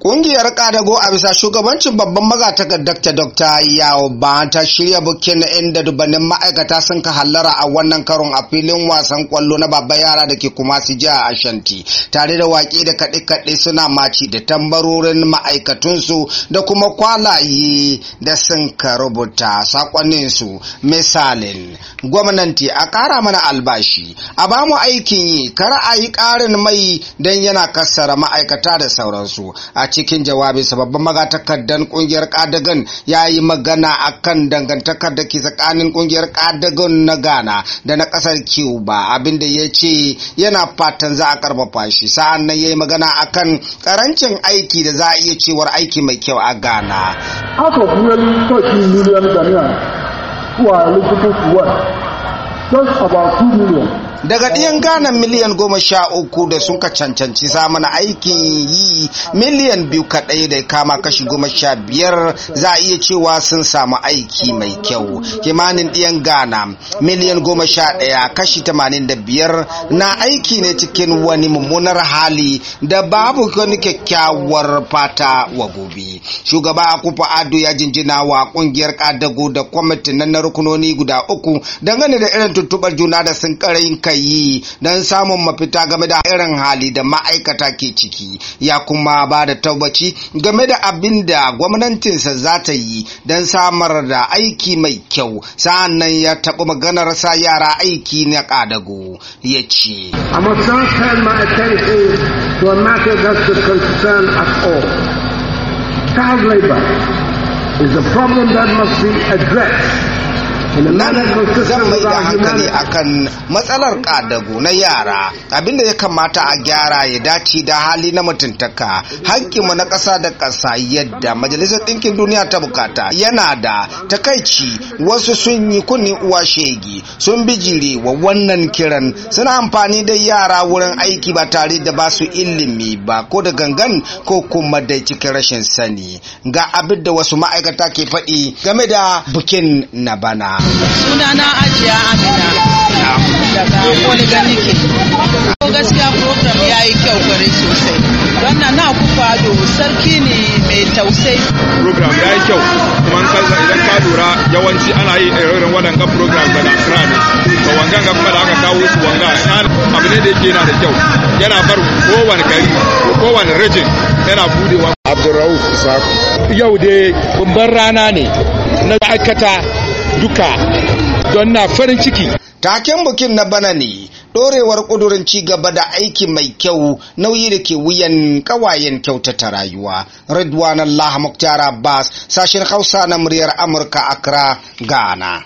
Ƙungiyar kadago a bisa shugabancin babban magatakardar Dr. Yawo ba ta shirya bukin inda dubanin ma'aikata sun ka hallara a wannan karon a filin wasan kwallo na babban yara da ke kuma su ji a Ashanti tare da waƙe da kaɗe-kaɗe suna maci da tambarorin ma'aikatunsu da kuma kwalaye da sun ka rubuta su misalin gwamnati a ƙara mana albashi a ba mu aikin yi kar a yi ƙarin mai don yana kassara ma'aikata da sauransu a a cikin jawabin, babban magatakardan kungiyar kadagan ya yi magana a kan dangantakar da ke tsakanin kungiyar kadagan na ghana da na kasar cuba abinda ya ce yana fatan za a karfafa shi sa'an nan ya yi magana a kan karancin aiki da za a iya cewar aiki mai kyau a ghana just about million daga ɗiyan Ghana miliyan goma sha uku da sun ka cancanci samun aikin yi miliyan biyu kaɗai da kama kashi goma sha biyar za a iya cewa sun samu aiki mai kyau kimanin ɗiyan gana miliyan goma sha ɗaya kashi tamanin da biyar na aiki ne cikin wani mummunar hali da babu wani kyakkyawar fata wa gobe shugaba akufa ado ya jinjina wa kungiyar kadago da kwamitin na rukunoni guda uku dangane da irin tuntuɓar juna da sun karayin suka yi don samun mafita game da irin hali da ma'aikata ke ciki ya kuma ba da tabbaci game da abin da gwamnatinsa za ta yi don samar da aiki mai kyau sa'annan ya taɓa maganar sa yara aiki na ƙadago ya ce Child labor is a problem that must be addressed zan mai da hankali akan matsalar ƙadago na yara abinda ya kamata a gyara ya dace da hali na mutuntaka hakkinmu na ƙasa da ƙasa yadda majalisar ɗinkin duniya ta bukata yana da takaici wasu sun yi kunni uwa shegi sun bijire wa wannan kiran suna amfani da yara wurin aiki ba tare da ba su ilimi ba ko da gangan ko kuma da cikin rashin sani ga abin da wasu ma'aikata ke faɗi game da bukin na bana. sunana ajiya amina daga oliganike ko gaskiya program ya yi kyau gwari sosai wannan na ku fado sarki ne mai tausayi program ya yi kyau kuma an kansa idan ka lura yawanci ana yin irin waɗanga program da na kira ne to wangan ga kuma da aka kawo su wanga abu ne da yake yana da kyau yana bar kowane gari kowane rajin yana budewa abdurrauf isaku yau dai bumban rana ne na aikata duka don na farin ciki taken bikin na bana ne ɗorewar ƙudurin ci gaba da aiki mai kyau nauyi da ke wuyan ƙawayen kyautata rayuwa ridwan allah muktar abbas sashen hausa na muryar amurka accra ghana